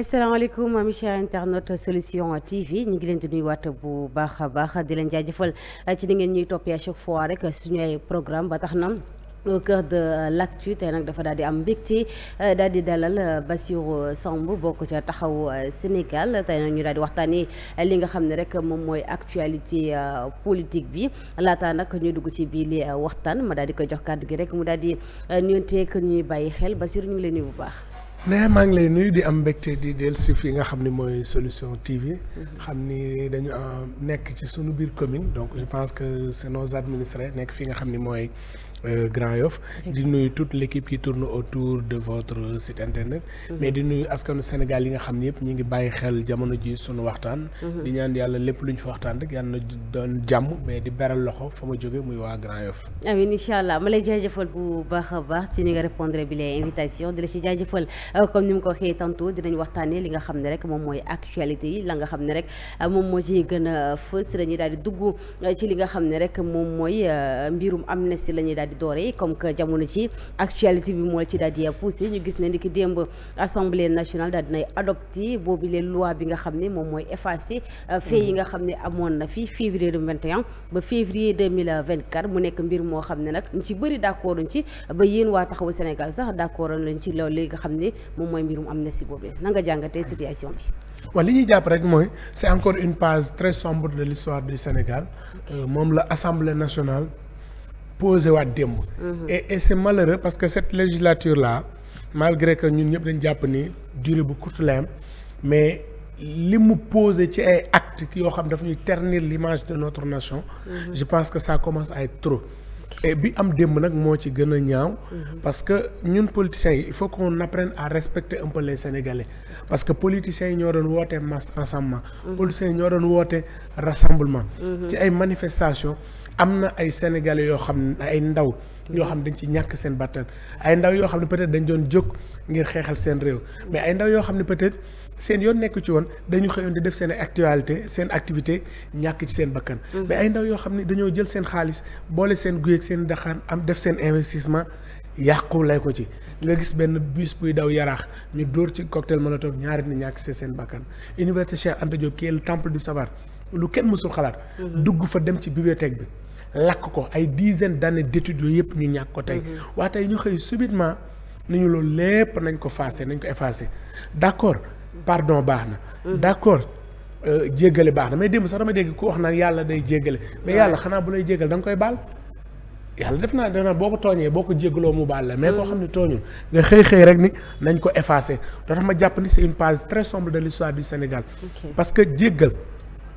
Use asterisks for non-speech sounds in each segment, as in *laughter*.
asalaamaaleykum mes chers internautes solution TV ñu ngi leen di nuyuwaat bu baax baax di leen jëfal ah, ci ni ngeen ñuy toppee à chaque fois rek suñu ay programme ba tax na. au cœur de euh, l'actu tey nag dafa daal di am mbégte euh, daal di dalal euh, Bassirou Samb bokk ca taxaw Sénégal tey nag ñu daal di waxtaan waxtaanee li nga xam ne rek moom mooy actualité politique bi laataa nag ñuy dugg ci biir li waxtaan ma daal di ko jox kàddu gi rek mu daal di nuyonteeg ñuy bàyyi xel Bassirou ñu ngi leen nuyu bu baax. ne maa ngi lay nuyu di am mbégte di dellu si fi nga xam ni mooy solution TV. Mhm. xam ni dañu euh, nekk ci sunu biir commune donc je pense que c'est nos administrés nekk fi nga xam ni mooy. Euh, Grand Yoff di nuyu toute l' équipe qui tourne autour de votre site internet mhm. mais di nuyu askanu Sénégal yi nga xam ne yëpp ñu ngi bàyyi xel jamono ji suñu waxtaan mhm. di ñaan yàlla lépp lu ñu fa waxtaan rek yàlla na doon jàmm mais di beral loxo fa ma jóge muy waa Grand Yoff amiin incha allah ma lay jaajëfal bu baax a baax ci ni nga répondre bi les invitations di la ci jaajëfal euh, comme ni mu ko waxee tantôt dinañ waxtaanee li nga xam ne rek moom mooy actualité yi la nga xam ne rek euh, moom moo ci gën a fës dañuy daal di dugg ci li nga xam ne rek moom mooy mbirum amnistie la ñuy daal comme que jamono ci actualité bi moo ci daal di poussé ñu gis ne ni ki démb assemblée nationale daal dinay adopté boobu leen loi bi nga xam ne moom mooy effacé euh, fee yi nga xam ne amoon na fi février 2021 ba février 2024 mu nekk mbir moo xam ne nag ñu ci bëri d'accord ci ba yéen waa taxawu Sénégal sax d'accord lañ ci loolu nga xam ne moom mooy mbirum am na si boobu na nga jàngatee bi waaw li ñuy jàpp rek mooy c'est encore posé waat démb. Mhm. et et c' est malheureux parce que cette législature là malgré que ñun ñëpp dañ jàpp ni durée bu courte la am mais li mu posé ci ay actes yoo xam dafa ñuy ternir l'image de notre nation. Mhm. je pense que ça commence ay être trop. bi am démb nag moo ci gën a ñaaw. Mhm. parce que ñun politiciens yi il faut qu'on apprenne à respecter un peu les parce que politiciens yi ñoo doon woote masse rassemblement. politiciens yi ñoo doon woote rassemblement. ci ay manifestations. am na ay sénégalais yoo xam ne ay ndaw yoo xam dañ ci ñàkk seen bàttan ay ndaw yoo xam ne peut-être dañ doon jóg ngir xeexal seen réew mais ay ndaw yoo xam ne peut-être seen yoon nekk ci woon dañu xëyoon di def seen actualité seen activité ñàkk ci seen bakkan mm-hmm. mais ay ndaw yoo xam ne dañoo jël seen xaalis boole seen guyeeg seen daxaan am def seen investissement yàqu lay ko ci nga gis benn buse buy daw yaraax ñu dóor ci cocktail molotov ñaari nit ñàkk ci seen bakkan université Cheikh Anta Diop temple du savoir lu kenn mësul xalaat mm-hmm. dugg fa dem ci bibliothèque bi lakk ko ay dizaine d'années d'études yooyu yëpp ñu ñàkk ko tey mhm. waa tey ñu xëy subitement nañu loolu lépp nañ ko effacé nañ ko effacé d'accord pardon baax na mhm. d'accord euh, jéggale baax na mais démb sax dama dégg ku wax naan yàlla day jéggale mais yàlla xanaa bu lay jéggal danga koy baal yàlla def naa dana boo ko tooñee boo ko jéggaloo mu baal la mais koo mhm. xam ne tooñu nga xëy xëy rek ni nañ ko effacé doo tax ma jàpp ni c'est une page très sombre de l'histoire du Sénégal parce que jéggal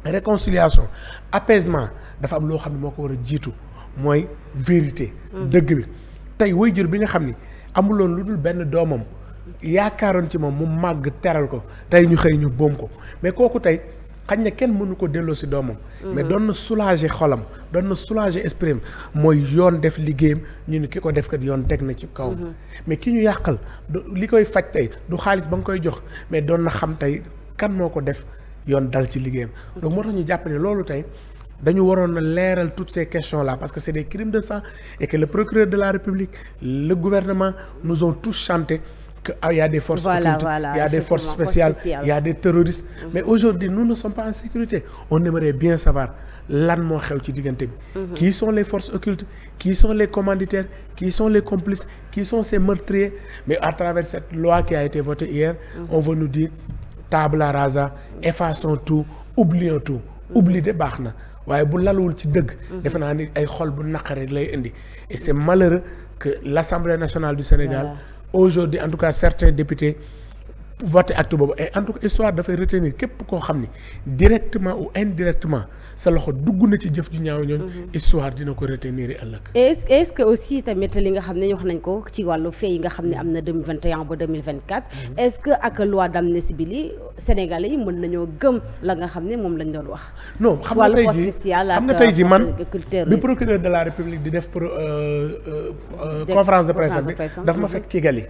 réconciliation apaisement dafa am loo xam ne moo ko war a jiitu mooy vérité. Mm. dëgg bi tey waajur bi nga xam ni amuloon lu dul benn doomam yaakaaroon ci moom mu màgg teral ko tey ñu xëy ñu boom ko mais kooku tey xañ na kenn mënu ko delloo si doomam. Mm-hmm. mais doon na soulager xolam doon na soulager esprit mooy yoon def liggéeyam ñu ne ki ko def kat yoon teg na ci kaw mm-hmm. mais ki ñu yàqal li koy faj tey du xaalis ba nga koy jox mais doon na xam tey kan moo ko def. yoon dal ci liggéeyam donc moo tax ñu jàpp ne loolu tey dañu waroon a leeral toutes ces questions là parce que c'est des crimes de sang et que le procureur de la République le gouvernement nous ont tous chanté que ah, des forces spéciales, spéciales, des terroristes mm-hmm. mais aujourd'hui nous ne sommes pas en sécurité on aimerait bien savoir lan moo xew ci diggante bi mm-hmm. qui sont les forces occultes qui sont les commanditaires qui sont les complices qui sont ces meurtriers tabla rasa effaçons tout oublions tout oubli de baax na waaye bu laluwul ci dëgg mhm. defe naa ni ay xol bu naqare lay indi et c'est malheureux que l'Assemblée nationale du Sénégal voilà. aujourd'hui en tout cas certains députés voté actu boobu et en tout cas histoire dafay retenir képp koo xam ni directement ou indirectement sa loxo dugg na ci jëf ju ñaaw ñooñ mhm. histoire dina ko retenir ëllëg est ce que aussi tamit li nga xam ne wax nañ ko ci wàllu fee yi nga xam ne am na 2021 ba 2024 est ce que ak loi d'amnistie bi li sénégalais yi mën nañoo gëm la nga xam ne moom lañ doon wax non xam nga tey ji xam nga tey ji euh, man bi procureur de la république di def pour euh, euh, conférence de presse bi daf ma mhm. fekk Kigali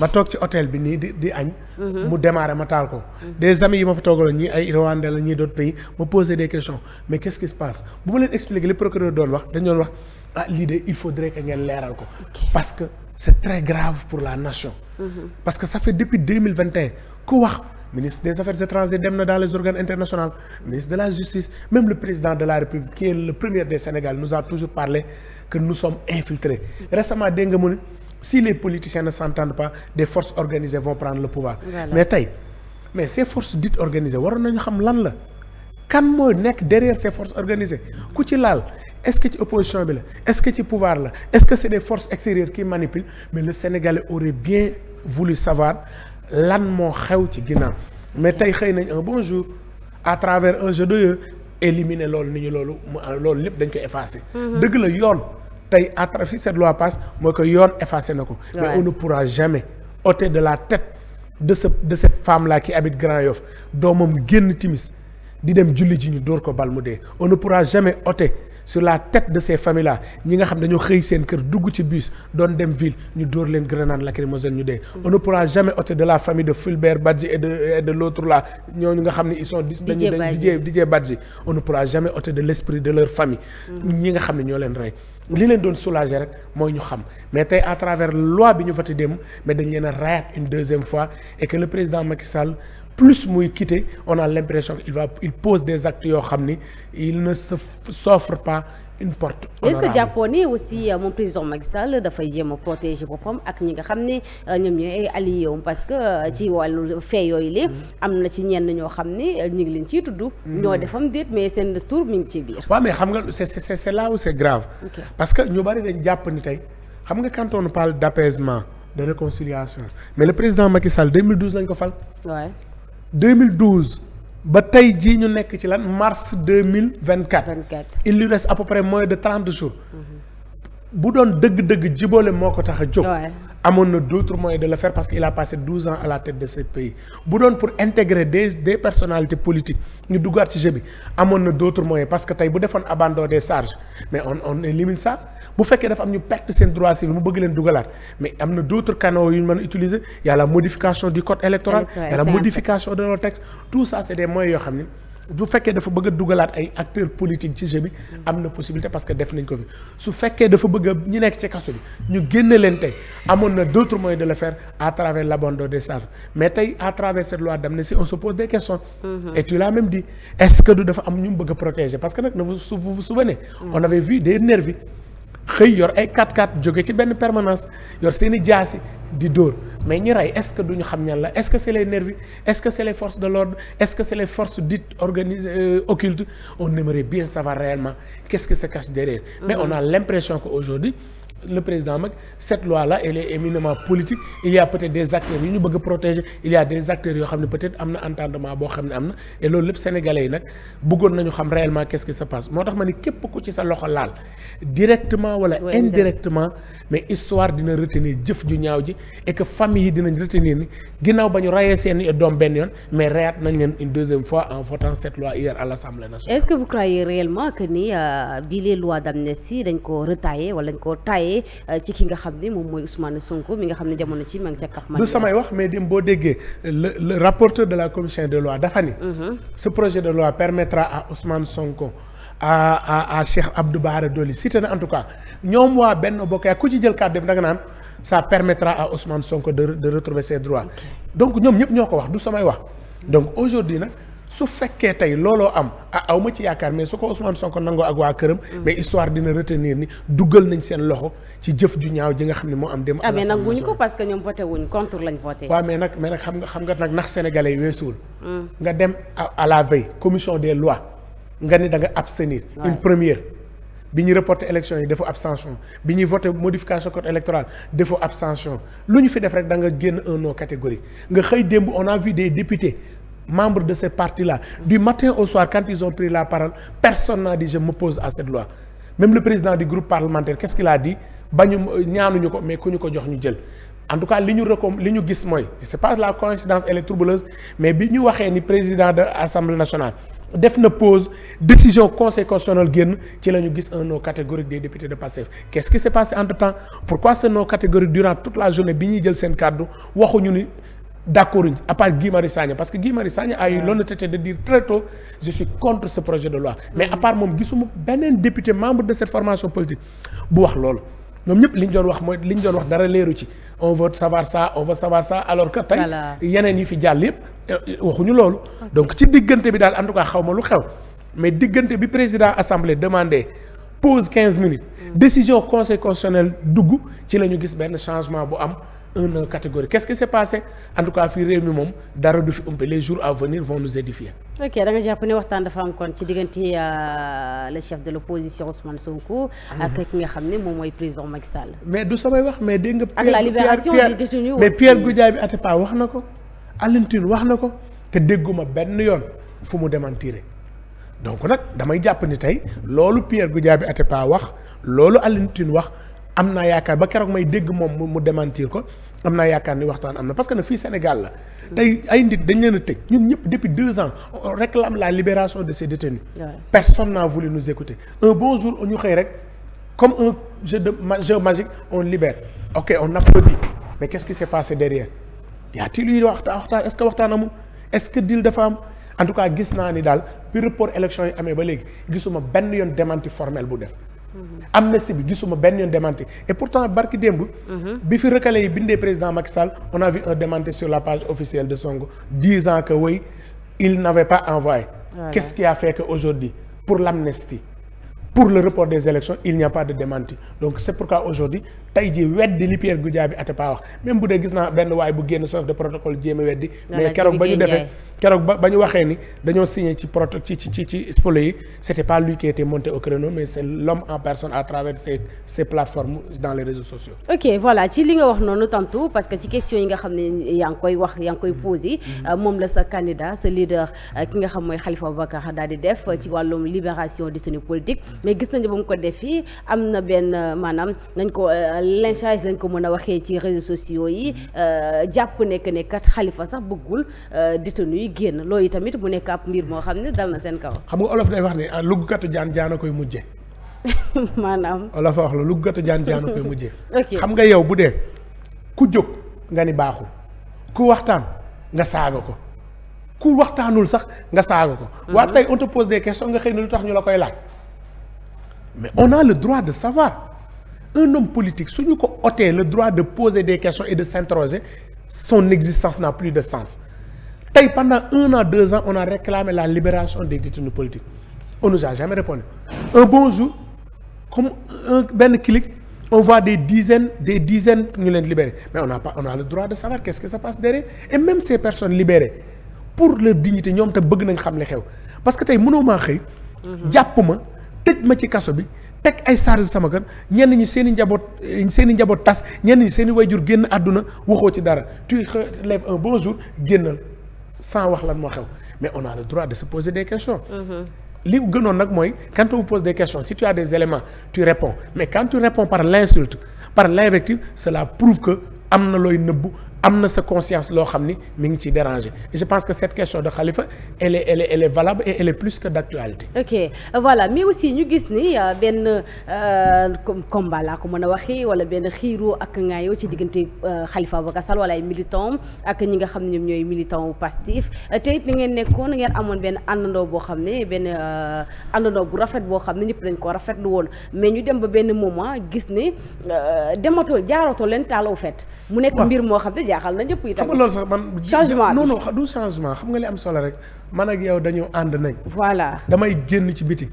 ma toog ci hôtel bi nii di di añ mhm. mu démarré ma taal ko des amis yi ma fa toogaloon ñi ay Rwanda la ñi d'autres pays ma posé des questions mais qu'est-ce qui se passe bu ma leen expliquer li procureur doon wax dañu doon wax ah lii de il faudrait que ngeen leeral ko. parce que c'est très grave pour la nation. Mm-hmm. parce que ça fait depuis deux mille vingt et un ku wax. ministre des affaires étrangères dem na dans les organes internationaux ministre de la justice même le président de la république qui est le premier des Sénégal nous a toujours parlé que nous sommes infiltrés mm-hmm. récemment dégg nga mu si les politiciens ne s'entendent pas waroon nañu xam lan la kan moo nekk derrière ces forces organisées ku ci laal est-ce que ci opposition bi la est-ce que ci pouvoir la est-ce que c'est des forces extérieures qui manipulent mais le Sénégalais aurait bien voulu savoir lan moo xew ci ginnaaw mais tey xëy nañ un bon jour à travers un jeu de yeux éliminer loolu ni ñu loolu loolu lépp dañ koy effacer. Mhm. dëgg la yoon tey à travers si cette loi passe mooy que yoon effacé na ko. mais on ne pourra jamais ôter de la tête de ce de cette femme là qui habite Grand Yoff génn timis. di dem julli ji ñu dóor ko bal mu dee on ne pourra jamais ôter sur la tête de ces familles là ñi nga xam dañoo xëy seen kër dugg ci bus doon dem ville ñu dóor leen grenade lacrymogène ñu dee. on ne pourra jamais ôter de la famille de Fulbert Badji et de et de l' nga xam ne ils sont. Didier Badji Didier Badji on ne pourra jamais ôter de l' esprit de leur famille. Mm. ñi nga xam ne ñoo leen rey. li leen doon soulager rek mooy ñu xam mais tey à travers loi bi ñu voté démb mais dañ leen a rayaat une deuxième fois et que le président plus muy quitter on a l'impression qu'il va il pose des actes yoo xam ni il ne se s'offre pas une porte honorable est que jàppoon ni aussi euh, moom président Macky Sall dafay jéem a ko boppam ak ñi nga xam ne euh, ñoom ñooy allié wu parce que euh, ci wàllu fee yooyu li am na ci ñenn ñoo xam ne ñu ngi leen ciy tudd. Mm. ñoo defam déet mais seen destour mi ngi ci biir. waaw mais xam nga c'est c'est c'est là où c'est grave. parce que ñu bari dañ jàpp ni tey xam nga quand on parle d'apaisement de le président Macky Sall 2012 lañ ko fal. 2012 ba tey jii ñu nekk ci lan mars 2024 il lui reste à peu près moins de trente jours mm-hmm. bu doon dëgg-dëgg jiboole moo ko tax a jóg amoon na d'autres moyens de le faire parce qu'il a passé douze ans à la tête de ce pays bu doon pour intégrer des des personnalités politiques ñu duggaat ci jeu amoon na d'autres moyens parce que tey bu defoon abandon des charges mais on on élimine ça bu fekkee dafa am ñu perte seen droit civil mu bëgg leen dugalaat mais am na d' autres yu ñu a utiliser y' a la modification du code électoral y' a la modification de nos textes tout ça c' est des yoo xam ne bu fekkee dafa bëgg a dugalaat ay acteurs politiques ci jeu bi am na possibilité parce que def nañ ko fi su fekkee dafa bëgg a ñu nekk ci kaso bi ñu génne leen tey amoon na d' autres de le faire à travers l' abandon des mais tey à travers cette loi d'amnistie on se pose des questions mm-hmm. est ce que du ñu mu bëgg a protéger parce que nag vous vous mm. xëy yor ay 4-4 jóge ci benn permanence yor seen i jaasi di dóor mais ñi rey est-ce que duñu xam ñan la est-ce que c'est les nervis est-ce que c'est les forces de l'ordre est-ce que c'est les forces dites organisées euh, occultes on aimerait bien savoir réellement qu'est-ce que se cache derrière. mais mm-hmm. on a l'impression que aujourd'hui le président Macky cette loi là elle est éminemment politique il y a acteurs yu ñu bëgg a protéger il y a acteurs yoo xam ne peut-être am na entendement boo xam ne am na et loolu lépp sénégalais yi nag bëggoon nañu xam réellement qu'est-ce qui se passe moo tax ma ni képp ku ci sa loxo laal directement wala indirectement mais histoire dina retenir jëf ju ñaaw ji et que famille yi dinañ retenir ni ginnaaw ba ñu rayee seen doom benn yoon mais rayaat nañ leen une deuxième fois en votant cette loi hier à l'Assemblée nationale. est-ce que vous croyez réellement que ni euh, bii les dañ koo retaillé wala dañ koo taillé euh, ci ki nga xam ni moom mooy Ousmane Sonko mi nga xam ne jamono ci ma ngi ca Cap Manuel. du samay wax mais dim boo déggee rapporteur de la commission des lois dafa ni. Mhm. ce projet de loi permettra à Ousmane Sonko. à à à Cheikh Abdou Bara Dolly na en tout cas ñoom waa benn bokk ku ci jël carte dem da naan. sa permettra à Ousmane Sonko de de retrouver donc ñoom ñëpp ñoo ko wax du samay wax donc aujourd'hui nag su fekkee tey looloo am a ah, aw ma ci yaakaar mais su ko Ousmane Sonko nangoo ak waa këram. Mm. mais histoire dina retenir ni duggal nañ seen loxo ci jëf ju ñaaw ji nga xam ne moo am. dem ah mais nag parce que ñoom voté wuñ contre lañ voté. waaw mais nag mais nag xam nga xam nga nag ndax sénégalais yi weesuwul. Mm. nga dem à la veille commission des loi nga ni da nga abstenir. une première. bi ñuy reporté élection yi defu abstention bi ñuy voté modification code électoral defu abstention lu ñu fi def rek da nga génn un non catégorique nga xëy démb on a vu des députés membres de ces partis là du matin au soir quand ils ont la parole personne n'a dit je m'oppose à cette loi même le président du groupe parlementaire qu'est-ce qu'il a dit bañu ñaanuñu ko mais ku ñu ko jox ñu jël en tout cas li ñu recomm li ñu gis mooy c'est pas la coïncidence elle mais bi ñu waxee ni président de l'Assemblée nationale def na pause décision conseil constitutionnel génn ci la ñu gis un non catégorique des députés de Pastef qu'est-ce qui s'est passé entre temps pourquoi ce non catégorique durant toute la journée bi ñuy jël seen kàddu waxuñu ni d'accord uñ à part Guy Marius parce que Guy Marius Sagna a eu l'honnêteté de dire très tôt je suis contre ce projet de loi mais à moom gisuma beneen député membre de cette formation politique bu wax loolu ñoom ñëpp li ñu doon wax mooy li ñu doon wax dara leeru ci on veut savoir ça alors que tey yi fi jàll yëpp Euh, waxuñu loolu donc ci diggante bi daal en tout cas xaw ma lu xew mais diggante bi président assemblée demandé pause quinze minutes mm. décision conseil constitutionnel dugg ci la ñu gis benn changement bu am un an catégorie qu'est-ce qui s'est passé en tout réew mi moom dara du fi umpe les jours à venir vont nous édifier. ok da nga jàpp ne waxtaan dafa am kon ci diggante euh, le chef de l'opposition Ousmane Sonko. Mm-hmm. ak ki nga xam ne moom mooy président Macky Sall. mais wax na ko. Alioune wax na ko te dégguma benn yoon fu mu démentiré donc nag damay jàpp ni tey loolu Pierre Goudiaby Atepa wax loolu Alioune wax am naa yaakaar ba keroog may dégg moom mu démentir ko am naa yaakaar ni waxtaan am na parce que nag fii Sénégal la tey ay nit dañ leen a tëj ñun ñëpp depuis deux ans on réclame la libération de ces détenus personne n'a voulu nous écouter un bon jour ñu rek comme un jeu de jeu on libère ok on applaudit mais qu'est-ce qui s'est passé derrière yaa ti luy waxtaan waxtaan est-ce que waxtaan amul est-ce que deal dafa am en tout cas gis naa ni daal bi report élection yi amee ba léegi gisuma benn yoon démenti formel bu def mhm. amnistie bi gisuma benn yoon démenti et pourtant barki démb mhm. bi fi recalé yi bindee président Macky Sall on a un démenti sur la page officielle de Sonko disant que oui il n'avait pas envoyé voilà. qu'est-ce qui a fait aujourd'hui pour l'amnistie pour le report des élections il n'y a pas de démenti donc tey jii weddi li Pierre Goudiaby Atepa wax même bu dee gis naa benn waay bu génn chef de protocole jéem a mais keroog ba ñu defee keroog ba ba ñu waxee ni dañoo signé ci proto ci ci spolo yi c'était pas lui qui était monté au mais c'est l'homme en personne à travers ses plateformes dans les réseaux sociaux ok voilà ci li nga wax noonu tantôt parce ci question yi nga xam ne yaa ngi koy wax yaa ngi koy mm-hmm. posé mm-hmm. Euh, moom la sa candidat sa leader euh, ki nga mm-hmm. ba mu ko def fii am na benn euh, maanaam lynchage lañ ko mën a waxee ci réseaux sociaux yi euh, jàpp nekk ne kat xalifa sax bëggul euh, détenu yi génn loolu tamit mu nekk ab mbir moo xam ne dal na seen kaw. xam nga olof day wax ne ah luggukatu jaan jaana koy mujje *laughs* maanaam. olof wax la luggukatu jaan jaana koy mujje *laughs* xam nga yow bu dee ku jóg nga ni baaxul ku waxtaan nga saaga ko. ku waxtaanul sax nga saaga ko. Mhm. waa tey on te pose nga xëy na lu tax ñu la koy laaj. mais on a le droit de savoir. un homme politique su ñu ko otee le droit de poser des questions et de s'interroger son existence n'a plus de sens tey pendant un an deux ans on a réclamé la libération des détenus politiques on nous a jamais répondu un bon jour comme un benn clic on des dizaines des dizaines ñu leen libéré mais on a pas on a le droit de savoir qu'est-ce qui se passe derrière et même ces personnes libérées pour leur dignité ñoom te bëgg nañ xam li xew parce que tey mënoo maa xëy mhm. jàpp ma tëj ma ci kaso bi teg ay charge sama kër ñenn ñi seen i njaboot seen i njaboot tas ñenn ñi seen i wayjur génn àdduna waxoo ci dara tu te lèves un bon jour génnal sans wax lan moo xew mais on a le droit de se poser des questions. Mm-hmm. li gënoon nag mooy quand on pose des questions si tu as des éléments tu réponds mais quand tu réponds par l'insulte par l'invective cela prouve que am na looy nëbbu am na sa conscience loo xam ni mu ngi ci déranger je pense que cette question de Khalifa elle est elle est et elle plus que d'actualité. ok voilà mais aussi ñu gis ni euh, benn euh, combat laa ko mën a waxee wala benn xiiro ak ngaayoo ci diggante euh, Khalifa Ababacar Sall wala ay militants ak ñi nga xam ne ñoom ñooy militants Pastef te it ni ngeen nekkoon ngeen amoon benn àndandoo boo xam ne benn àndandoo bu rafet boo xam ne ñëpp dañ ko lu woon mais ñu dem ba benn moment gis ne dematoo jaaratoo leen taalaw fet mu nekk mbir moo xam ne jaaxal nañ ñëpp yi tam nga loolu sax man *laughs* changement non changement xam nga li am solo rek man ak yow dañoo ànd nañ. voilà damay génn ci biti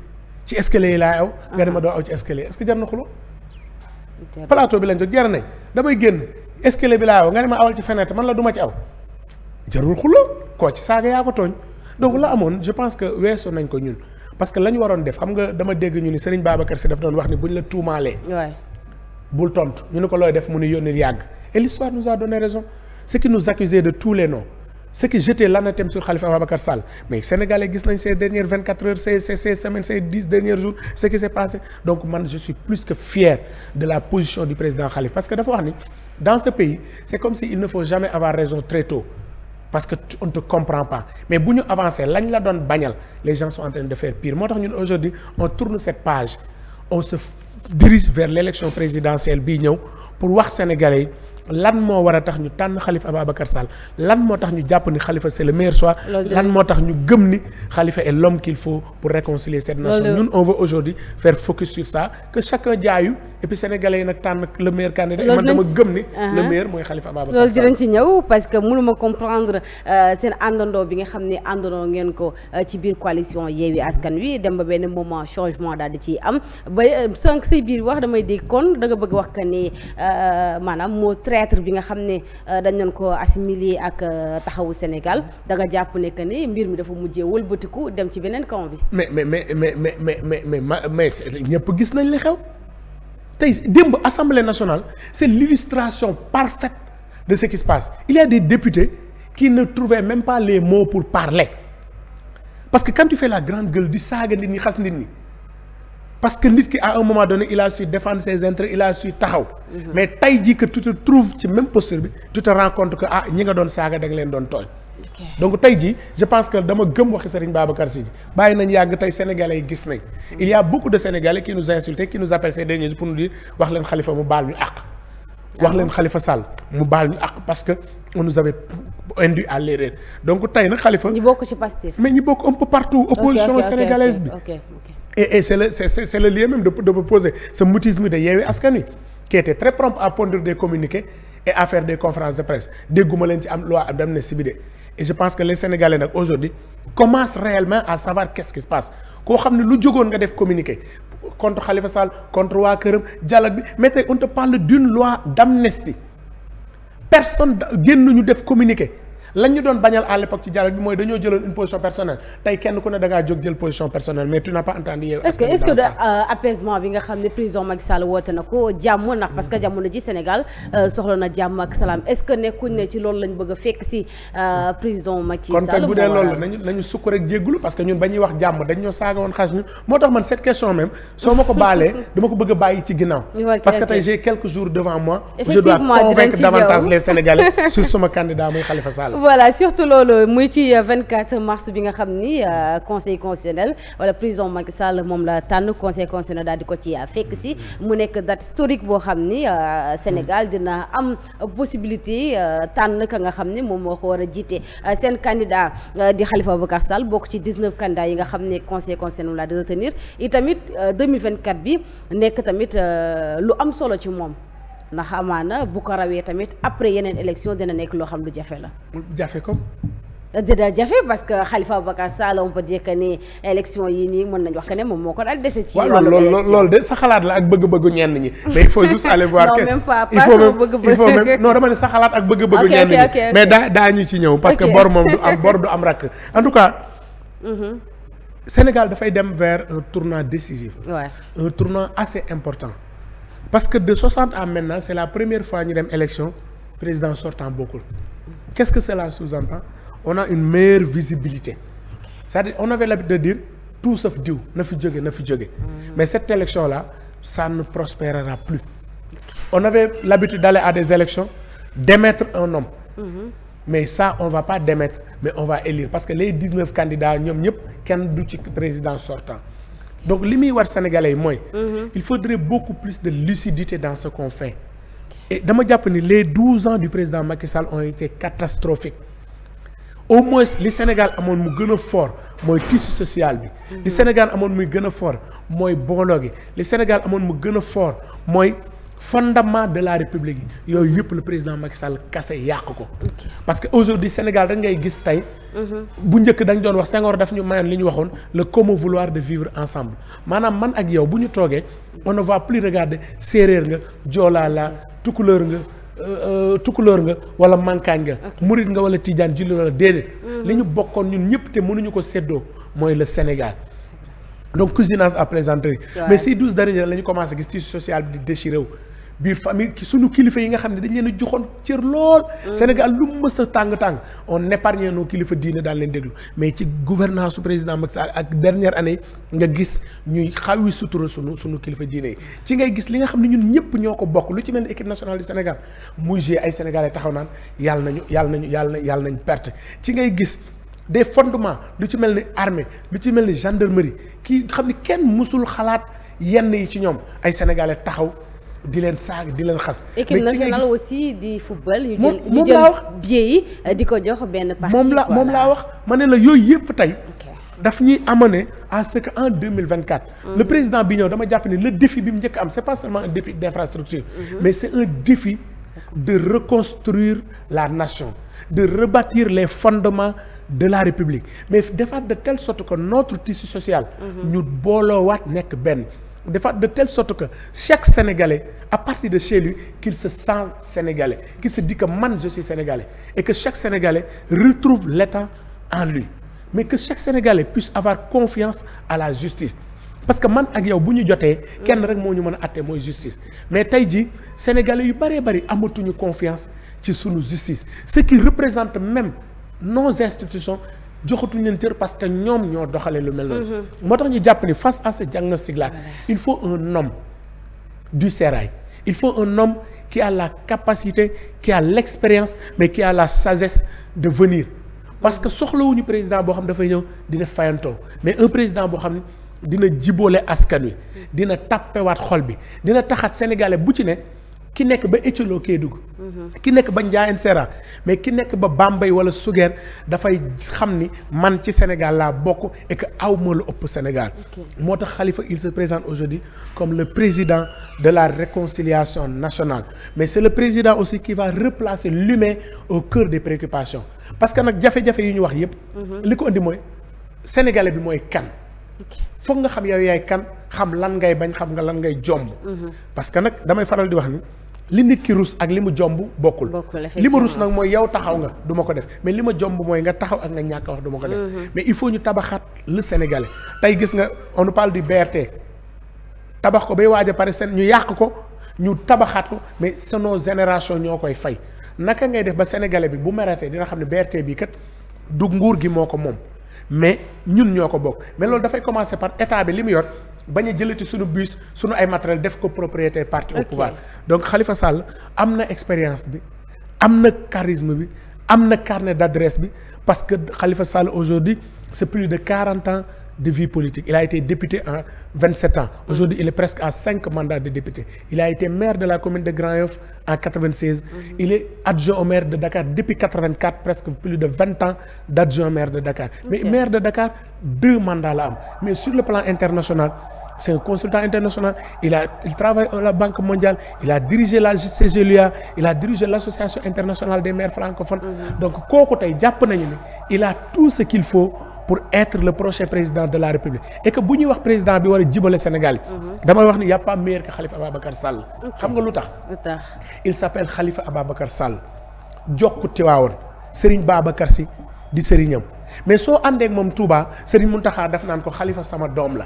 ci escalier yi laa aw. nga ne ma doo aw ci escalier est-ce que jar na xuloo plateau bi lañ jar nañ damay génn escalier bi laa aw nga ne ma awal ci fenêtre man la duma ci aw jarul xuloo koo saaga yaa ko tooñ donc la amoon je pense que weesu nañ ko ñun parce que la ñu waroon def xam nga dama dégg ñu ni Serigne Babacar Sy daf doon wax ni buñ la tuumaalee. waay bul tontu ñu ne ko looy def mu ni yónni yàgg Et l'histoire nous a donné raison. Ce qui nous accusait de tous les noms, ce qui jetait l'anathème sur Khalifa Ababacar Sall mais Sénégalais gis nañ ces dernières vingt quatre heures ces ces ces semaines dix derniers jours ce qui s'est passé donc man je suis plus que fier de la position du président Khalifa parce que dafa wax ni dans ce pays c'est comme si il ne faut jamais avoir raison très tôt parce que on te comprend pas mais bu ñu avancer lañ la doon bañal les gens en train de faire pire moo tax ñun aujourd'hui on tourne cette page on se dirige vers lan moo war a tax ñu tànn xalifa Ababacar Sall lan moo tax ñu jàpp ni xalifa c'est le meilleur lan moo tax ñu gëm ni xalifa est l'homme qu'il faut pour réconcilier cette nation ñun on veut aujourd'hui faire focus sur ça que chacun jaayu et puis sénégalais yi tànn le meilleur candidat man dama gëm ni le meilleur mooy Khalifa Ababacar loolu dinañ ci ñëw parce que mënuma comprendre seen àndandoo bi nga xam ne àndandoo ngeen ko ci biir coalition Yewwi Askan Wi dem ba benn moment changement daal di ciy am sànq say biir wax damay dégg kon da nga bëgg wax que ni maanaam moo traitre bi nga xam ne dañ leen ko assimiler ak taxawu Sénégal danga jàpp ne que ni mbir mi dafa mujjee wëlbatiku dem ci beneen camp bi mais mais mais mais mais mais mais mais ñëpp gis nañ li xew tey démb assemblée nationale c'est l'illustration parfaite de ce qui se passe il y a des député qui ne trouvaient même pas les mots pour parler parce que quand tu fais la grande gueule di saaga nit ñi xas nit ñi parce que nit ki à moment donné il a su défendre ses intérêts il a su taxaw mm-hmm. mais tey jii que tu te trouves ci même posture bi tu te rends ah ñi nga doon saaga da leen doon tooñ donc tey jii je pense que dama gëm waxi Serigne Babacar Sy bàyyi nañ yàgg tey sénégalais yi gis nañ hmm. il y a beaucoup de sénégalais qui nous insultent qui nous appellent ces derniers pour nous dire wax leen xalifa mu baal ñu àq ah wax leen xalifa Sall mu baal ñu àq parce que on nous avait induit à l'erreur donc tey nag xalifa ñi bokk ci Pastef mais ñi bokk un peu partout opposition sénégalaise bi et et c'est le c'est c'est le lieu même de de poser ce mutisme de Yewwi Askan Wi qui très prompt à pondre des communiqués et dégguma leen ci am loi d'amnistie bi de et je pense que les Sénégalais nag aujourd'hui commence réellement à savoir qu'est-ce qui passe koo xam ne lu jógoon nga def communiqué contre xalifa Sall contre waa këram dialogue bi mais tey on te parle d'une loi d'amnistie personne génn nu ñu def communiqué lañ ñu doon bañal à l'époque ci dialogue bi mooy dañoo jëloon une position personnelle tey kenn ku ne da jóg jël position personnelle mais tu n'as pas entendu yow euh, apaisement bi nga xam ne président Macky Sall woote na ko jàmm ndax parce que euh, jàmm ne a fekk si euh, président Macky Sall kon kay bu soo ma ko baalee *laughs* dama ko bëgg a bàyyi ci ginnaaw *laughs* parce que tey j'ai quelques jours devant moi je dois convaincre davantage les Sénégalais *laughs* sur sama candidat muy Khalifa Sall voilà surtout loolu muy ci 24 mars bi nga xam ni euh, conseil constitutionnel wala président Macky Sall moom la tànn conseil constitutionnel daal di ko ci euh, fekk si mu nekk date historique boo xam ni euh, Sénégal dina am possibilité tànn ka nga xam ni moom moo ko war a jiite seen candidat di Khalifa Ababacar Sall bokk ci 19 candidats yi nga xam ne conseil constitutionnel la di retenir i tamit 2024 bi nekk tamit lu am solo ci moom. ndax amaana bu ko rawee tamit après yeneen élection dina nekk loo xam lu jafe la. jafe ko. dina jafe parce que Khalifa Ababacar Sall on peut dire que ni élection yi nii mën nañ wax que ne moom moo ko daal dese. ci wàllu loolu loolu de sa xalaat la ak bëgg-bëggu ñenn ñi. *laughs* mais il faut juste aller voir. non il faut même non dama ne sa xalaat ak bëgg-bëggu. ñenn ñi mais daa daa ñu ci ñëw. parce que bor moom du am bor du am rakk. en tout cas. *laughs* Mhm. Sénégal dafay dem vers un tournant décisif. un tournant assez important. parce que de 60 ans maintenant c'est la première fois ñu dem élection président sortant bokkul qu'est-ce que cela sous-entend on a une meilleure visibilité c'est-à-dire on avait l'habitude de dire tout sauf diw na fi jóge na fi jóge mm. mais cette élection la sànn ne prospérera plus on la l'habitude d'aller à des élections démettre un nom mm -hmm. mais ça on va pas démettre mais on va élire parce que les 19 candidats ñoom ñëpp kenn du ci président sortant donc li muy war sénégalais yi mooy. Mhm. il faudrait beaucoup plus de lucidité dans ce qu'on fait. et dama jàpp ni les douze ans du président Macky Sall ont été au moins li Sénégal amoon mu gën a fort mooy tissu sociale bi. li mhm. Sénégal amoon muy gën a fort mooy booloo gi li Sénégal amoon mu gën a fort mooy. fondement de la république yi yooyu yëpp le président Macky Sall kase yàq ko parce que aujourd'hui Sénégal rek ngay gis tey bu njëkk dañ doon wax Senghor daf ñu mayoon li ñu waxoon le commun vouloir de vivre ensemble maanaam man ak yow bu ñu toogee on ne va plus regarder séeréer nga joolaala la couleur nga euh, euh, tukulóor nga wala mankaañ nga murit nga wala tijaan julli wala déedéet mhm. li ñu bokkoon ñun ñëpp te mënuñu ko seddoo mooy le Sénégal donc cousinage à plaisanterie mais ñu commencé gis tissu social bi di déchiré wu biir famille ki suñu kilifa yi nga xam ne dañ leen a joxoon cër lool. Mm. Sénégal lu mu mës tàng tàng on épargne nos kilifa diine daan leen déglu mais ci gouvernance su président Macky Sall ak dernière année nga gis ñuy xawi sutura sunu sunu kilifa diine yi ci ngay gis li nga xam ne ñun ñëpp ñoo ko bokk lu ci mel ni équipe nationale du Sénégal muy ay sénégalais taxaw naan yàlla nañu yàlla nañu yàlla na nañ perte ci ngay gis. des fondement lu ci mel ni armée lu ci mel ni gendarmerie kii xam ni kenn mësul xalaat yenn yi ci ñoom ay sénégalais taxaw di leen saag di leen xas. équipe nationale aussi di football. moom moom wax ñu yi di ko jox benn partie. moom la moom laa wax ma ne la yooyu yëpp tey. daf ñuy amener à ce que en deux mille vingt quatre. Mm. le président bi ñëw dama jàpp ne le défi bi mu njëkk am c' pas seulement un défi d' infrastructure. Mm-hmm. mais c' est un défi de reconstruire la nation de rebâtir les fondements de la République mais defaat de telle sorte que notre tissu social. Mm-hmm. ñu booloowaat nekk benn. de faire de telle sorte que chaque Sénégalais, à partir de chez lui, qu'il se sent Sénégalais, qu'il se dit man, je suis et que chaque Sénégalais retrouve l'État en lui. Mais que chaque Sénégalais puisse avoir confiance à la justice. parce que man ak yow bu ñu jotee kenn rek moo ñu mën a àtte mooy justice mais tey jii sénégalais yu bëree bëri amatuñu confiance ci sunu justice ce qui représente même nos institutions joxatu leen cër parce que ñoom ñoo doxalee lu mel noonu. Mhm. moo tax ñu jàpp ni face à ce diagnostic là il faut un nom du sérail il faut un homme qui a la capacité qui a l'expérience mais qui a la sagesse de venir parce que soxlawuñu président boo xam dafay ñëw dina fayantoo mais un président boo xam ne dina jiboole askan wi dina tàppewaat xol bi dina taxaat sénégalais bu ci ne. ki nekk ba Ecolo Kédougou mhm. ki nekk ba Ndiayène Séra mais ki nekk ba Bambey wala Suger dafay xam ni man ci Sénégal laa bokk et que aw ma lu ëpp Sénégal moo tax xalifa il se présente aujourd'hui comme le président de la réconciliation nationale mais c'est le président aussi qui va replacer l'humain au cœur des préoccupations parce que nag jafe-jafe yu ñu wax yépp mhm. li ko indi mooy sénégalais bi mooy kan foog nga xam yow yaay kan xam lan ngay bañ xam nga lan ngay jomb mhm. parce que nag damay faral di wax ni li nit ki rus ak li mu jomb bokkul li ma rus nag mooy yow taxaw nga du ma ko def mais li ma jomb mooy nga taxaw ak nga ñàkk wax du ma ko def mm-hmm. mais il faut ñu tabaxaat le sénégalais tey gis nga on pal di BRT tabax ko bay waaja pare seen ñu yàq ko ñu tabaxaat ko mais senoo génération ñoo koy fay naka ngay def ba sénégalais bi bu meratee dina xam ne BRT bii kat du nguur gi moo ko moom mais ñun ñoo ko bokk mais loolu dafay commencer par état bi li yor bañ a jëlati suñu bus suñu ay matériel def ko propriétaire parti au pouvoir donc Khalifa Sall am na expérience bi am na charisme bi am na carnet d'adresse bi parce que Khalifa Sall aujourd'hui c'est plus de quarante ans de vie politique il a été député en vingt sept ans mm. aujourd'hui il est presque à cinq mandats de député il a été maire de la commune de Grand Yoff en quatre vingt mm-hmm. il est adjoint au de Dakar depuis quatre vingt quatre presque plus de vingt ans d'adjoint maire de Dakar maire de Dakar deux mandats la am mais sur le plan international c'est un consultant international il a il la Banque mondiale il a dirigé la CGLUA il a dirigé l'association internationale des maires francophones mm-hmm. donc kooku tey jàpp nañu ne il a tout ce qu'il faut pour être la prochain président de la République et que bu ñuy wax président bi war a jibale Sénégal yi mm-hmm. damay wax ni y a pas meilleur que Khalifa Ababacar Sall xam nga lu tax il s'appelle Khalifa Ababacar Sall jokku Tiwaawoon Serigne Babacar si di sëriñam mais soo àndee moom Touba Serigne Mountakha daf naan ko Khalifa sama doom la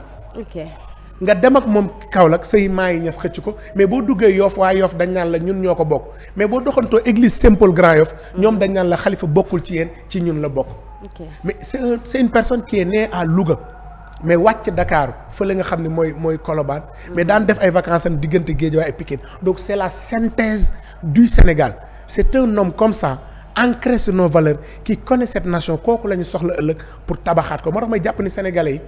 nga dem ak moom Kaolack say maa yi ñes xëcc ko mais boo duggee yoof waa yoof dañ naan la ñun ñoo ko bokk mais boo doxantoo église simple grand yof ñoom dañ naan la xalifa bokkul ci yéen ci ñun la bokk mais c'est une personne qui est née à Louga mais wàcc Dakar fële nga xam ne mooy mooy Colobane mais daan def ay vacances am diggante géej ay Pikine donc c'est la synthèse du Sénégal c'est un homme comme ça ancré sur nos valeurs qui connaît nation kooku la soxla ëllëg pour tabaxaat ko moo may jàpp ni sénégalais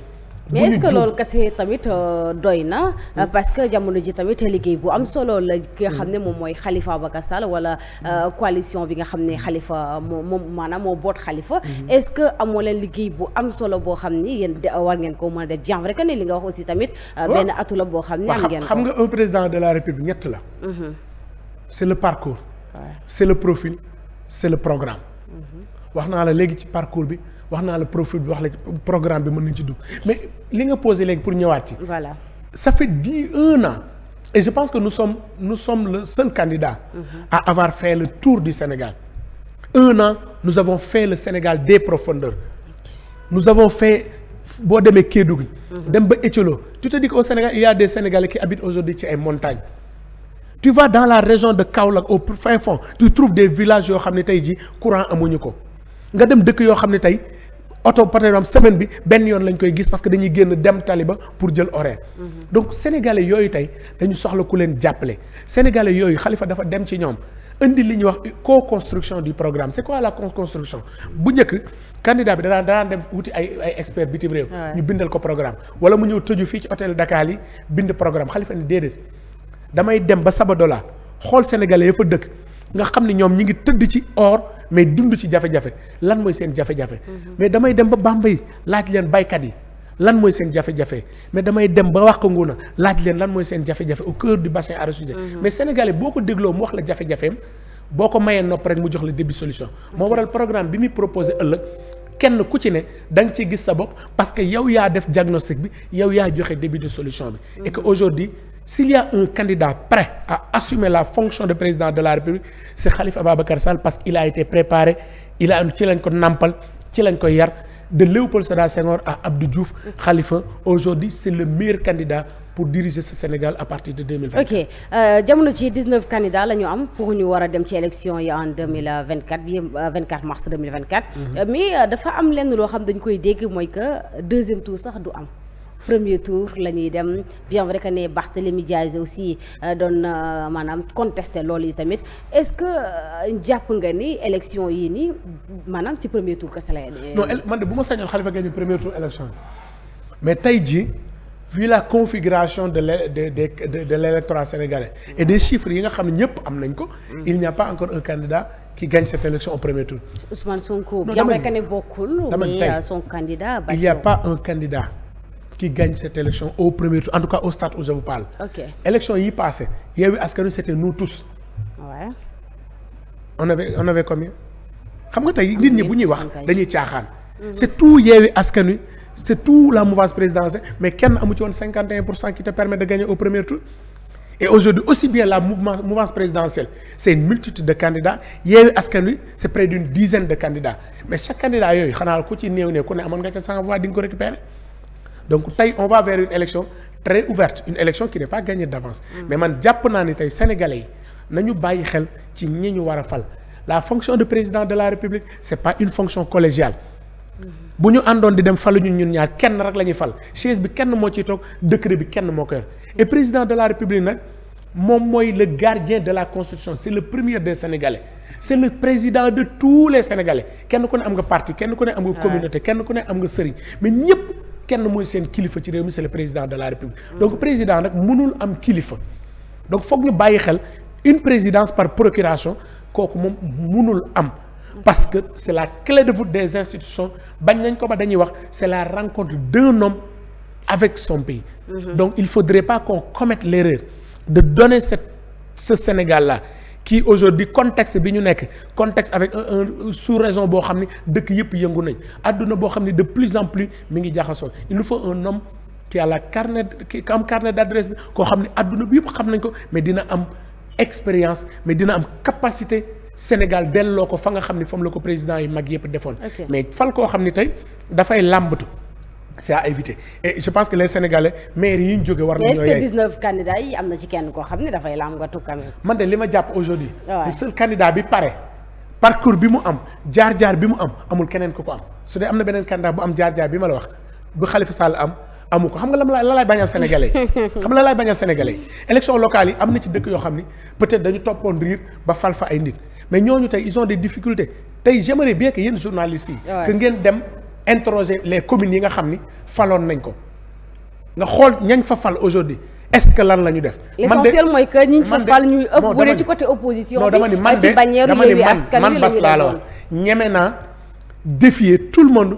mais est-ce que loolu kese tamit euh, doy na hmm. parce que jamono ji tamit liggéey bu am solo la ki nga xam ne hmm. moom mooy Khalifa Ababacar Sall wala euh, hmm. coalition bi nga xam ne xalifa moo moom maanaam moo boot xalifa est-ce que amoo leen liggéey bu am solo boo xam ni yéen war ngeen ko mën a def bien vrai que li nga wax aussi tamit euh, oh. benn atu la boo xam ne am ngeen xam nga un président de la République ñett la mm-hmm. c'est le parcours c'est le profil le programme mm-hmm. wax naa la léegi ci parcours bi wax naa la profil bi wax la ci programme bi mën nañ ci dugg mais li nga posé léegi pour ñëwaat ci. voilà ça fait dix et je pense que nous sommes nous sommes la seul candidat. Mm -hmm. à avoir fait le tour du Sénégal. un an nous avons fait le Sénégal des profondeur nous avons fait boo demee gi mhm. dem ba Étiolo tu te dis qu'au Sénégal il y a des Sénégalais qui habitent aujourd'hui ci ay montagnes. tu vas dans la région de Kaolack au fin fond tu trouves des villages yoo xam ne tey jii courant amuñu ko nga dem dëkk yoo xam ne tey. oto par exemple semaine bi benn yoon lañ koy gis parce que dañuy génn dem taliba pour jël horaire. Mhm. donc sénégalais yooyu tey dañu soxla ku leen jàppale. sénégalais yooyu xalifa dafa dem ci ñoom indi li ñuy wax co-construction du programme c'est quoi la co-construction bu njëkk. candidat bi danaan danaan dem wuti ay ay expert bitim réew. ñu bindal ko programme. wala mu ñëw tëju fii ci hôtel Dakar yi bind programme xalifa ni déedéet damay dem ba Sabadola xool sénégal ya dëkk nga xam ne ñoom ñi ngi tëdd ci or. mais dund ci jafe-jafe lan mooy seen jafe-jafe. Mhm. mais damay dem ba Bambey laaj leen baykat yi lan mooy seen jafe-jafe mais damay dem ba wax ko Nguna laaj leen lan mooy seen jafe-jafe au cœur du bassin mhm. mais sénégalais boo ko dégloo mu wax la jafe-jafeem boo ko mayee nopp rek mu jox la début solution. moo waral programme bi muy proposé ëllëg. kenn ku ci ne danga nga gis sa bopp parce que yow yaa def diagnostic bi yow yaa joxe début de solution bi. et que mhm. aujourd'hui s'il y a un candidat prêt à assumer la fonction de président de la République c'est Khalifa Ababacar Sall parce qu'il a été préparé il a am ci lañ ko nàmpal ci lañ ko yar de Léopold Sédar Senghor à Abdou Diouf Khalifa aujourd'hui c'est le meilleur candidat pour diriger ce Sénégal à partir de 2024. ok euh, jamono ci 19 candidats la ñu am pour ñu war a dem ci élection yi en 2024 bi 24 euh, mars 2024. Mhm. Euh, mais dafa am lenn loo xam dañ koy dégg mooy que deuxième tour sax du am. premier tour la ñuy dem bien vrai que ne Barthélémy Diaz aussi euh, doon euh, maanaam contesté lool yi tamit est-ce que euh, jàpp nga ni élection yii nii maanaam ci premier tour kese la non man de bu ma sañoon Khalifa gagné premier tour élection mais tey ji vu configuration de l' de de de l' électorat sénégalais et des chiffres yi nga xam ne ñëpp am nañ ko. il n'y pas encore un candidat qui gagne cette élection au premier tour. Ousmane Sonko. non dama ne bokkul. dama ne tey mais son candidat. qui gagne cette élection au premier tour en tout cas au stade où je vous parle. ok élection yi passé Yewwi Askan Wi c'était nous tous. Ouais. on avait on avait xam nga tey nit ñi bu ñuy wax dañuy caaxaan. Mm-hmm. c'est tout Yewwi Askan Wi c'est tout la mouvance présidentielle mais kenn amu ci woon 51 pour cent qui te permet de gagner au premier tour. et aujourd'hui aussi bien la mouvement mouvance présidentielle c'est une multitude de candidats Yewwi Askan c'est xanaa donc tey on va vers une élection très ouverte une élection qui n'est pas gagnée d'avance mm. mais man jàpp naa ni tey sénégalais yi nañu bàyyi xel ci ñi ñu war a fal la fonction de président de la république c'est pas une fonction collégiale mm-hmm. bu ñu àndoon di dem faluñu ñun ñaar kenn rek la ñuy fal chaise bi kenn moo ci toog décret bi kenn moo ko yor président de la république nag moom mooy le gardien de la constitution c'est le premier de sénégalais c'est président de les sénégalais kenn ku ne am nga parti kenn ku ne am communauté kenn ku ne am nga sëriñ mais ñëpp kenn mooy seen kilifa ci réew mi c'est le président de la république. donc président nag mënul am kilifa. donc foog ñu bàyyi xel une présidence par procuration kooku moom munul am. parce que c'est la clé de voûte des institutions bañ nañ ko ba dañuy wax c'est la rencontre d'un nom avec son pays. Mm-hmm. donc il faudrait pas qu'on commette l'erreur de donner cette ce Sénégal là. qui aujourd'hui contexte bi ñu nekk contexte avec un sous-région boo xam ni dëkk yëpp yëngu nañ àdduna boo xam ni de plus en plus mi ngi jaxasoo il nous faut un homme qui a la carnet qui am carnet d'adresse bi koo xam ni àdduna bi yëpp xam nañ ko mais dina am expérience mais dina am capacité Sénégal delloo ko fa nga xam ni fam la ko président yi mag yëpp defoon mais fal koo xam ni tey dafay làmbatu c'est à éviter et je pense que les sénégalais maires yi ñu jóge war nañoo yaay est-ce que 19 candidats yi am kenn koo xam ne dafay làmbatu quand même. man de li ma jàpp aujourd'hui ah le seul candidat bi pare parcours bi mu am jaar-jaar bi mu am amul keneen ku ko am su dee am na beneen candidat bu am jaar-jaar bi ma la wax bu Khalifa Sall am amu ko xam nga la la laay bañal sénégalais *laughs* xam nga la laay bañal sénégalais yi élection locale yi am na ci dëkk yoo xam ni peut-être dañu toppoon riir ba fal fa ay nit mais ñooñu tey ils ont des difficultés tey j'aimerais bien que yéen journalistes yi ah ngeen dem interroger les communes yi nga xam ni faloon nañ ko nga xool ñañ fa fal aujourd'hui est-ce que lan la ñu def. l'essentiel mooy que ñi fa fal ñuy ëpp bu dee ci côté opposition bi. dama ni man de dama ni man man bas laa la wax ñeme naa défier tout le monde.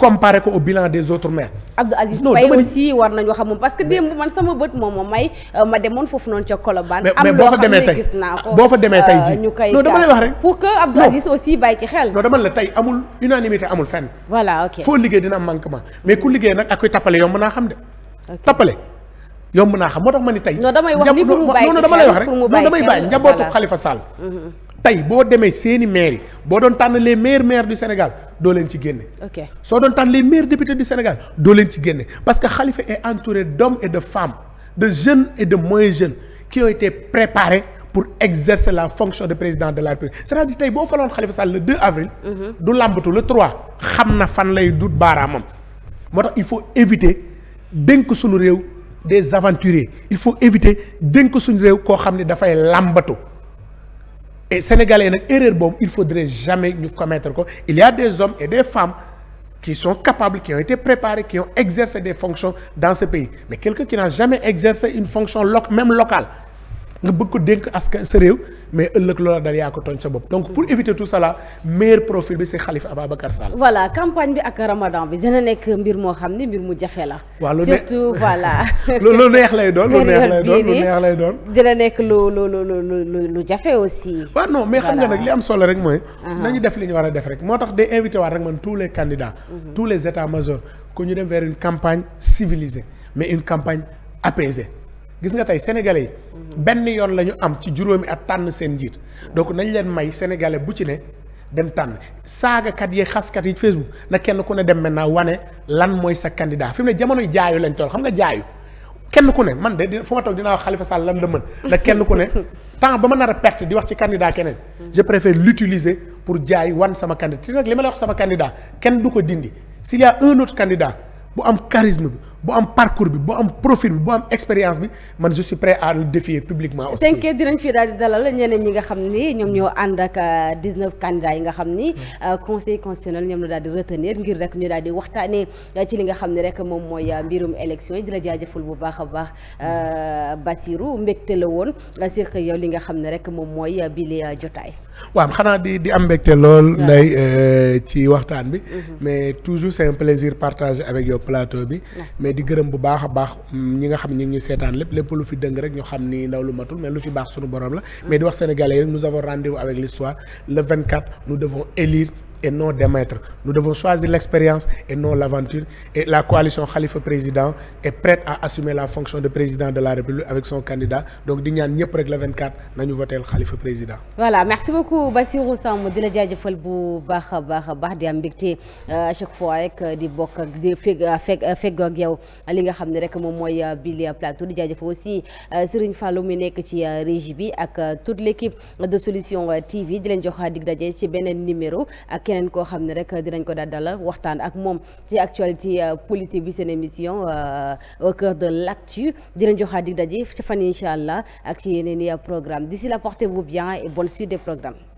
comparer ko au bilan des autres maires. Abdou Aziz Faye war nañu xam parce que démb man sama bët moom moo may euh, ma demoon foofu noonu ca Colobane. am loo xam ne gis naa ko boo fa demee euh, tey amul unanimité amul fenn. voilà ok foo liggéey dina am manquement mais ku liggéey nag ak kuy tappale yomb naa xam de. tappale yomb naa xam moo tax ma ni tey. non damay wax ni pour mu bàyyi non damay bàyyi njabootu Khalifa Sall. Mhm. tey boo demee seeni maire boo doon tànn les meilleurs maires du Sénégal doo leen ci génne. soo doon tànn les meilleurs députés du Sénégal doo leen ci génne parce que Khalifa est entouré d'hommes et de femmes de jeune et de moins jeunes qui ont été préparés pour exercer la fonction de président de la République c'est-à-dire tey boo faloon Khalifa Sall le 2 avril. Mhm. du làmbatu le trois xam na fan lay dut baaraamam moo tax il faut éviter dénk suñu réew des aventuriers il faut éviter dénk suñu réew koo xam ne dafay làmbatu. et sénégalais nag erreur boobu il faudrait jamais ñu commettre ko il y a des hommes et des femmes qui sont capables qui ont été préparés qui ont exercé des fonctions dans ce pays mais quelqu'un qui n'a jamais exercé une fonction lo même locale nga bëgg ko dénk askan sa réew mais ëllëg loola dal yaa ko tooñ sa bopp donc pour éviter tout cela meilleur profil bi c'est Khalifa Ababacar Sall. voilà campagne bi ak Ramadan bi dina nekk mbir moo xam ni mbir mu jafe la. waaw lu surtout voilà. *laughs* lu neex lay doon lu neex lay doon lu neex lay doon. dina nekk lu lu lu lu lu jafe aussi. waaw non mais xam nga nag li am solo rek mooy. nañu def li ñu war a def rek moo tax day invité waat rek man tous les candidats. Mhm. tous les états majors que ñu dem vers une campagne mais une campagne apaisée. gis nga tey sénégalais yi. benn yoon la ñu am ci juróomi at tànn seen njiit donc nañu leen may sénégalais bu ci ne dem tànn saagakat yi xaskat yi Facebook na kenn ku ne dem maintenant wane lan mooy sa candidat fi mu ne jamono jaayu lañ toll xam nga jaayu kenn ku ne man de fu ma toog dinaa wax xalifa Sall lan la mën. na kenn ku ne temps ba ma nar a perte di wax ci candidat keneen. je préfère l'utiliser pour jaay wan sama candidat te nag li ma la wax sama candidat kenn du ko dindi s'il y a bu am charisme bi. bu am parcours bi bu am profil bi bu am expérience bi man je suis prêt à le défier publiquement aussi. tënkee dinañ fi daal di dalal ñeneen ñi nga xam ni ñoom ñoo ànd ak 19 euh, candidats yi nga xam ni euh, conseil constitutionnel ñoom la daal di retenir ngir rek ñu daal di waxtaanee euh, ci li nga xam ni rek moom mooy mbirum élection yi di la jaajëfal bu baax a baax Basirou mbégte la woon seq yow li nga xam ne rek moom mooy bile jotaay. waaw xanaa di di am mbégte lool. nday ci waxtaan bi. Mhm. mais toujours c'est un bi. di gërëm bu baax a baax ñi nga xam ne ñu seetaan lépp lépp lu fi dëng rek ñu xam ni ndaw lu matul mais lu fi baax suñu borom la mm. mais di wax sénégalais yi rek nous avons rendez-vous avec l'histoire le 24 nous devons élire et non des maîtres. Nous devons choisir l'expérience et non l'aventure. Et la coalition Khalifa Président est prête à assumer la fonction de président de la République avec son candidat. Donc, di ñaan ñëpp rek le 24 nañu voteel Khalifa Président. Voilà, merci beaucoup Bassirou Samb di la jaajëfal bu baax a baax a baax di am mbégte euh, à chaque fois rek euh, di bokk ak di feg euh, feg feggoo ak yow li nga xam ne rek moom mooy bili plateau di jaajëfal aussi Serigne Fallou mi nekk ci régie bi ak toute l'équipe de Solution TV di leen jox dig daje ci beneen numéro ak keneen koo xam ne rek dinañ ko daal dalal waxtaan ak moom ci actualité euh, politique bi seen émission euh, au cœur de l'actu dinañ joxaat dig daje ci fan incha allah ak ci yeneen i euh, programme d'ici là portez-vous bien et bonne suite des programmes